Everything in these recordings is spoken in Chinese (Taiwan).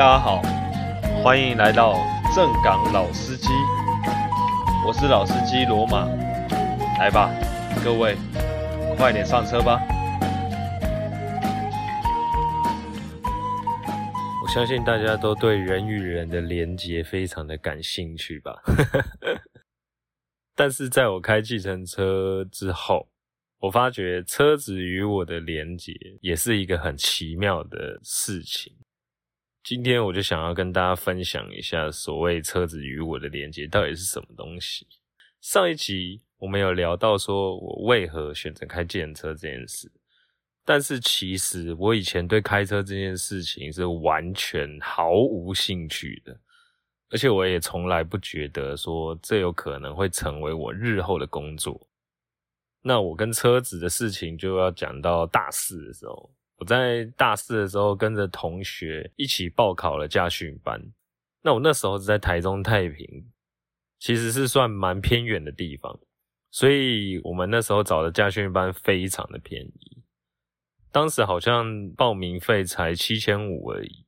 大家好，歡迎來到正港老司機，我是老司機羅馬，來吧，各位，快點上車吧。我相信大家都對人與人的連結非常的感興趣吧？ 但是在我開計程車之後，我發覺車子與我的連結也是一個很奇妙的事情。今天我就想要跟大家分享一下，所謂車子與我的連結到底是什麼東西。上一集我們有聊到說，我為何選擇開計程車這件事。但是其實我以前對開車這件事情是完全毫無興趣的，而且我也從來不覺得說這有可能會成為我日後的工作。那我跟車子的事情就要講到大四的時候。我在大四的時候跟着同學一起報考了駕訓班。那我那時候是在台中太平，其實是算蠻偏遠的地方，所以我們那時候找的駕訓班非常的便宜，當時好像報名費才七千五而已。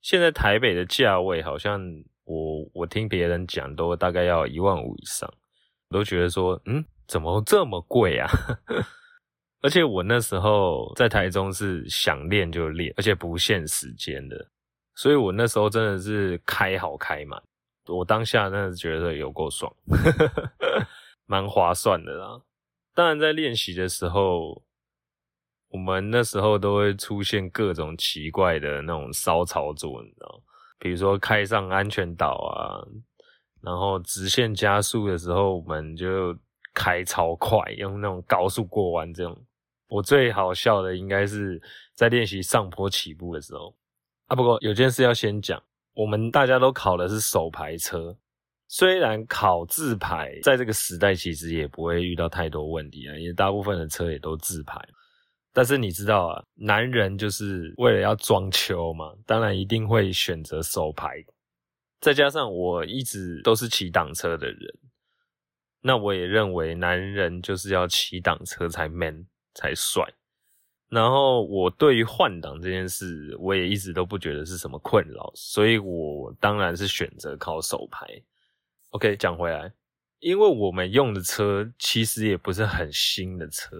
現在台北的價位好像我我聽別人講都大概要一萬五以上，我都覺得說，嗯，怎麼這麼貴啊？ 而且我那時候在台中是想練就練，而且不限時間的，所以我那時候真的是開好開滿，我當下真的是覺得有夠爽，呵呵呵呵蠻划算的啦。當然在練習的時候，我們那時候都會出現各種奇怪的那種騷操作，你知道，比如說開上安全島啊，然後直線加速的時候，我們就開超快，用那種高速過彎這種。我最好笑的應該是在練習上坡起步的時候啊。不過有件事要先講，我們大家都考的是手排車，雖然考自排在這個時代其實也不會遇到太多問題啊，因為大部分的車也都自排。但是你知道啊，男人就是為了要裝秋嘛，當然一定會選擇手排。再加上我一直都是騎檔車的人，那我也認為男人就是要騎檔車才 man。才帥。然後我對於換擋這件事，我也一直都不覺得是什麼困擾，所以，我當然是選擇考手排。OK，講回來，因為我們用的車其實也不是很新的車，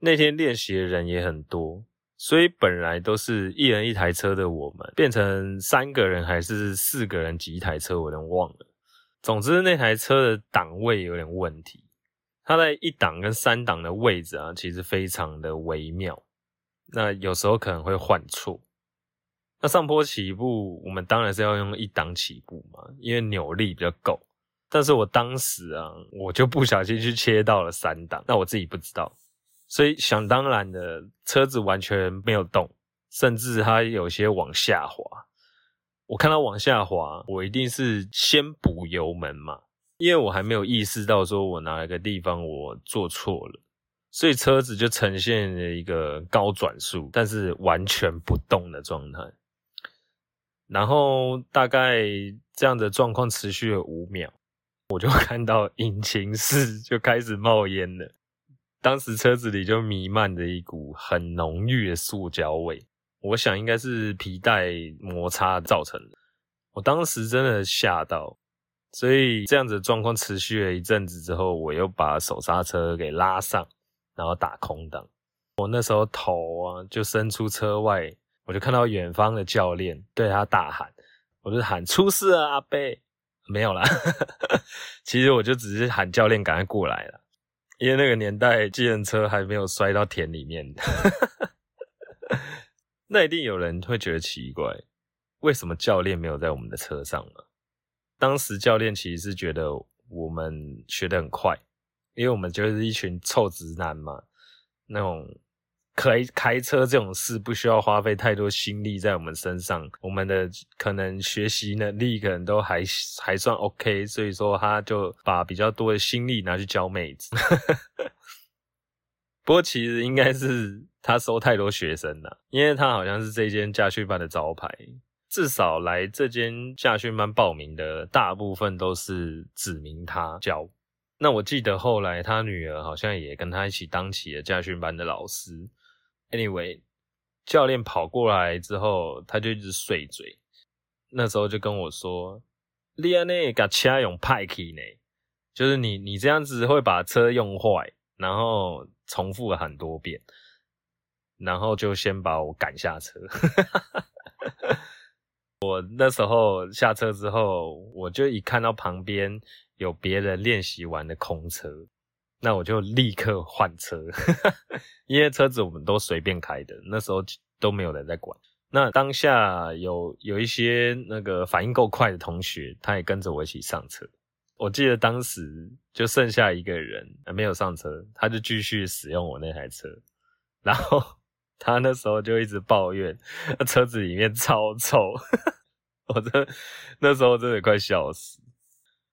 那天練習的人也很多，所以本來都是一人一台車的，我們變成三個人還是四個人擠一台車，我有點忘了。總之，那台車的檔位有點問題。它在一檔跟三檔的位置啊，其實非常的微妙，那有時候可能會換錯。那上坡起步，我們當然是要用一檔起步嘛，因為扭力比較夠。但是我當時啊，我就不小心去切到了三檔，那我自己不知道，所以想當然的車子完全沒有動，甚至它有些往下滑。我看到往下滑，我一定是先補油門嘛。因為我還沒有意識到說我哪一個地方我做錯了，所以車子就呈現了一個高轉速，但是完全不動的狀態。然後大概這樣的狀況持續了五秒，我就看到引擎室就開始冒煙了。當時車子裡就彌漫着一股很濃郁的塑膠味，我想應該是皮帶摩擦造成的。我當時真的嚇到。所以這樣子狀況持續了一陣子之後，我又把手剎車給拉上，然後打空檔。我那時候頭啊就伸出車外，我就看到遠方的教練，對他大喊，我就喊出事啊阿伯！沒有啦，哈哈哈。其實我就只是喊教練趕快過來了，因為那個年代計程車還沒有摔到田裡面。 那一定有人會覺得奇怪，為什麼教練沒有在我們的車上呢？當時教練其實是覺得我們學得很快，因為我們就是一群臭直男嘛，那種開開車這種事不需要花費太多心力在我們身上，我們的可能學習能力可能都還還算 OK，所以說他就把比較多的心力拿去教妹子。 不過其實應該是他收太多學生了，因為他好像是這間駕訓班的招牌。至少來這間駕訓班報名的大部分都是指名他教。那我記得後來他女兒好像也跟他一起當起了駕訓班的老師。Anyway，教練跑過來之後，他就一直碎嘴，那時候就跟我說：“Li 安內，噶車用派氣呢，就是你你這樣子會把車用壞。”然後重複了很多遍，然後就先把我趕下車。 那時候下車之後，我就一看到旁邊有別人練習完的空車，那我就立刻換車， 因為車子我們都隨便開的，那時候都沒有人在管。那當下有有一些那個反應夠快的同學，他也跟着我一起上車。我記得當時就剩下一個人，沒有上車，他就繼續使用我那台車，然後他那時候就一直抱怨，車子裡面超臭。 我真那時候真的快笑死。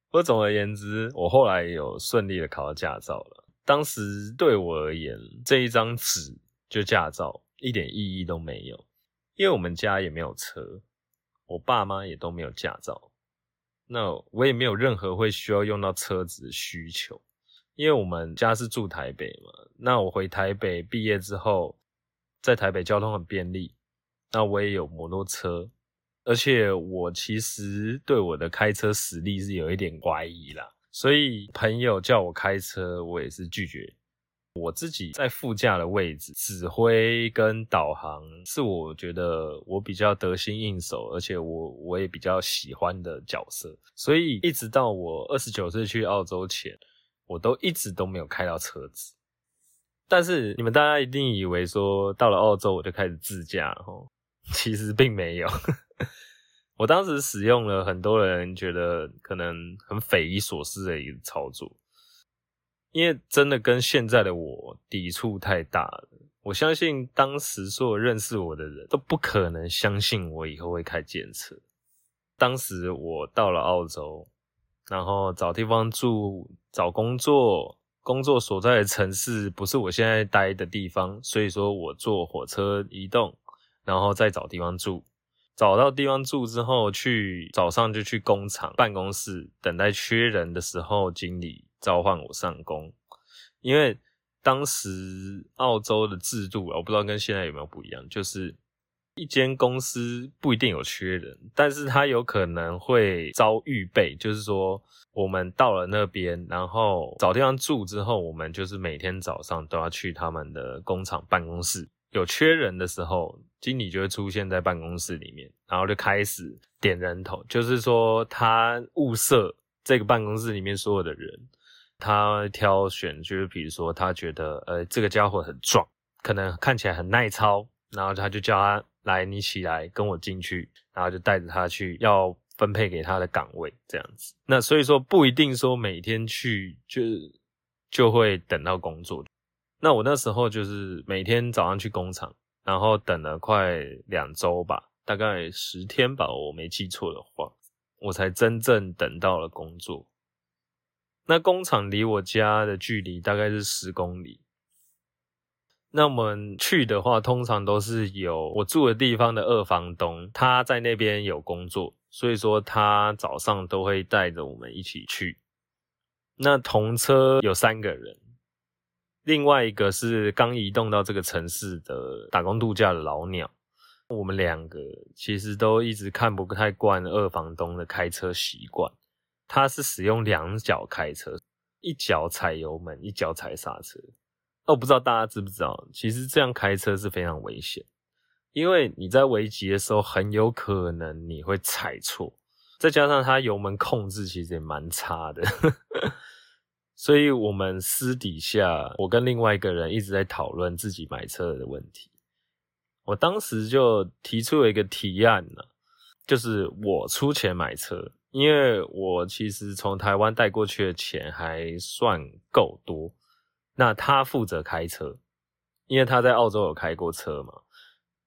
不過總而言之，我後來也有順利的考到駕照了。當時對我而言，這一張紙就駕照一點意義都沒有，因為我們家也沒有車，我爸媽也都沒有駕照，那我也沒有任何會需要用到車子的需求。因為我們家是住台北嘛，那我回台北畢業之後，在台北交通很便利，那我也有摩托車。而且我其實對我的開車實力是有一點懷疑啦，所以朋友叫我開車，我也是拒絕。我自己在副駕的位置指揮跟導航，是我覺得我比較得心應手，而且我我也比較喜歡的角色。所以一直到我二十九歲去澳洲前，我都一直都沒有開到車子。但是你們大家一定以為說到了澳洲我就開始自駕吼。其實並沒有， 我當時使用了很多人覺得可能很匪夷所思的一個操作，因為真的跟現在的我抵觸太大了。我相信當時所有認識我的人都不可能相信我以後會開電車。當時我到了澳洲，然後找地方住、找工作，工作所在的城市不是我現在待的地方，所以說我坐火車移動。然後再找地方住，找到地方住之後去，去早上就去工廠辦公室，等待缺人的時候，經理召喚我上工。因為當時澳洲的制度，我不知道跟現在有沒有不一樣，就是一間公司不一定有缺人，但是他有可能會招預備，就是說我們到了那邊，然後找地方住之後，我們就是每天早上都要去他們的工廠辦公室。有缺人的時候，經理就會出現在辦公室裡面，然後就開始點人頭，就是說他物色這個辦公室裡面所有的人，他挑選，就是比如說他覺得，呃、欸，這個家伙很壯，可能看起來很耐操，然後他就叫他來，你起來跟我進去，然後就帶着他去要分配給他的崗位，這樣子。那所以說不一定說每天去，就就會等到工作。那我那時候就是每天早上去工廠，然後等了快兩周吧，大概十天吧，我沒記錯的話，我才真正等到了工作。那工廠離我家的距離大概是十公里。那我們去的話，通常都是有我住的地方的二房東，他在那邊有工作，所以說他早上都會帶着我們一起去。那同車有三個人。另外一個是剛移動到這個城市的打工度假的老鳥，我們兩個其實都一直看不太慣二房東的開車習慣。他是使用兩腳開車，一腳踩油門，一腳踩剎車。我不知道大家知不知道，其實這樣開車是非常危險，因為你在危急的時候很有可能你會踩錯，再加上他油門控制其實也蠻差的。 所以，我們私底下，我跟另外一個人一直在討論自己買車的問題。我當時就提出了一個提案呢，就是我出錢買車，因為我其實從台灣帶過去的錢還算夠多。那他負責開車，因為他在澳洲有開過車嘛。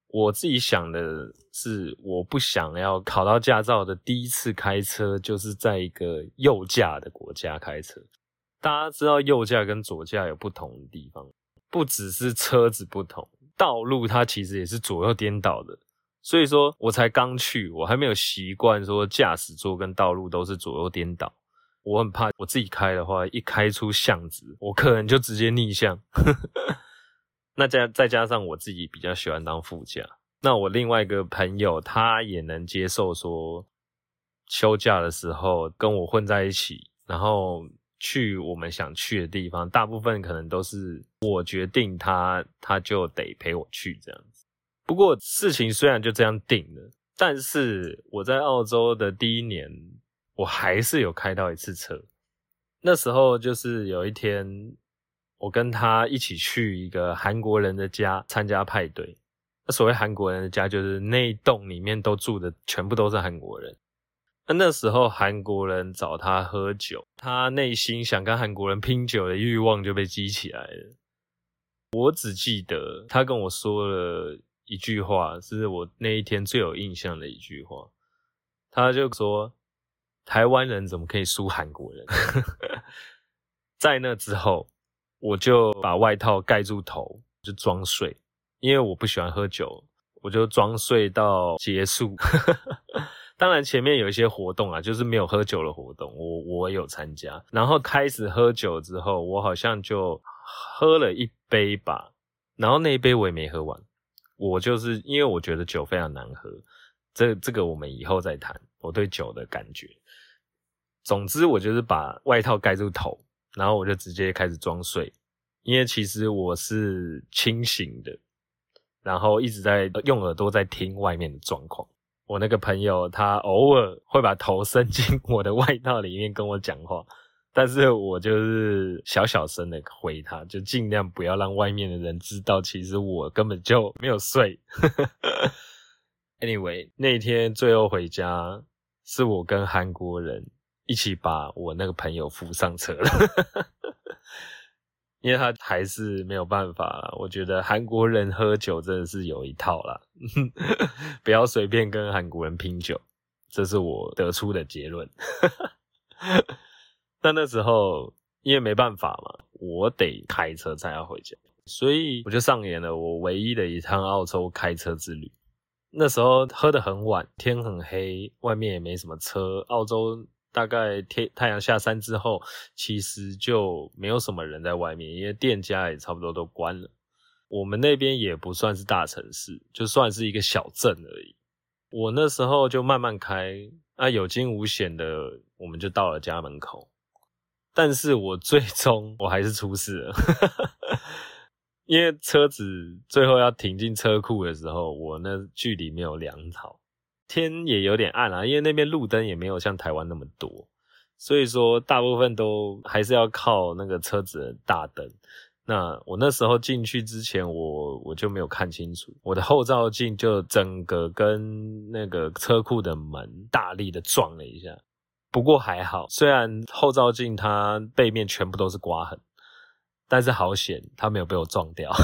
我自己想的是，我不想要考到駕照的第一次開車，就是在一個右駕的國家開車。大家知道右駕跟左駕有不同的地方，不只是車子不同，道路它其實也是左右顛倒的。所以說，我才剛去，我還沒有習慣說駕駛座跟道路都是左右顛倒。我很怕我自己開的話，一開出巷子，我可能就直接逆向。 那加再加上我自己比較喜歡當副駕，那我另外一個朋友他也能接受說休假的時候跟我混在一起，然後。去我們想去的地方，大部分可能都是我決定他，他他就得陪我去這樣子。不過事情雖然就這樣定了，但是我在澳洲的第一年，我還是有開到一次車。那時候就是有一天，我跟他一起去一個韓國人的家參加派對。那所謂韓國人的家，就是那一棟裡面都住的全部都是韓國人。那時候韓國人找他喝酒，他內心想跟韓國人拼酒的慾望就被激起來了。我只記得他跟我說了一句話，是我那一天最有印象的一句話。他就說：“台灣人怎麼可以輸韓國人？” 在那之後，我就把外套蓋住頭，就裝睡，因為我不喜歡喝酒，我就裝睡到結束。 當然，前面有一些活動啊，就是沒有喝酒的活動，我我有參加。然後開始喝酒之後，我好像就喝了一杯吧，然後那一杯我也沒喝完。我就是因為我覺得酒非常難喝，這這個我們以後再談，我對酒的感覺。總之，我就是把外套蓋住頭，然後我就直接開始裝睡，因為其實我是清醒的，然後一直在用耳朵在聽外面的狀況。我那個朋友，他偶爾會把頭伸進我的外套裡面跟我講話，但是我就是小小聲的回他，就儘量不要讓外面的人知道，其實我根本就沒有睡。 Anyway，那天最後回家，是我跟韓國人一起把我那個朋友扶上車了。 因為他還是沒有辦法啦，我覺得韓國人喝酒真的是有一套啦， 不要隨便跟韓國人拼酒，這是我得出的結論。 但那時候因為沒辦法嘛，我得開車才要回家，所以我就上演了我唯一的一趟澳洲開車之旅。那時候喝得很晚，天很黑，外面也沒什麼車，澳洲。大概天太陽下山之後，其實就沒有什麼人在外面，因為店家也差不多都關了。我們那邊也不算是大城市，就算是一個小鎮而已。我那時候就慢慢開，那、啊、有驚無險的，我們就到了家門口。但是我最終我還是出事了，哈哈哈，因為車子最後要停進車庫的時候，我那距離沒有量好。天也有點暗啊，因為那邊路燈也沒有像台灣那麼多，所以說大部分都還是要靠那個車子的大燈。那我那時候進去之前，我我就沒有看清楚，我的後照鏡就整個跟那個車庫的門大力的撞了一下。不過還好，雖然後照鏡它背面全部都是刮痕，但是好險它沒有被我撞掉。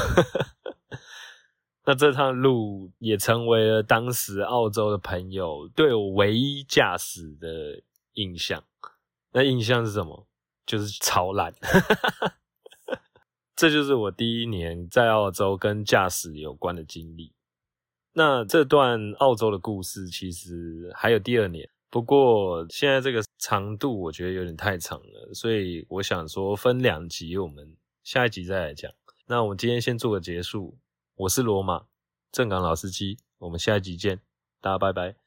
那這趟路也成為了當時澳洲的朋友對我唯一駕駛的印象。那印象是什麼？就是超爛。哈 這就是我第一年在澳洲跟駕駛有關的經歷。那這段澳洲的故事其實還有第二年，不過現在這個長度我覺得有點太長了，所以我想說分兩集，我們下一集再來講。那我們今天先做個結束。我是羅馬，正港老司機，我們下一集見，大家拜拜。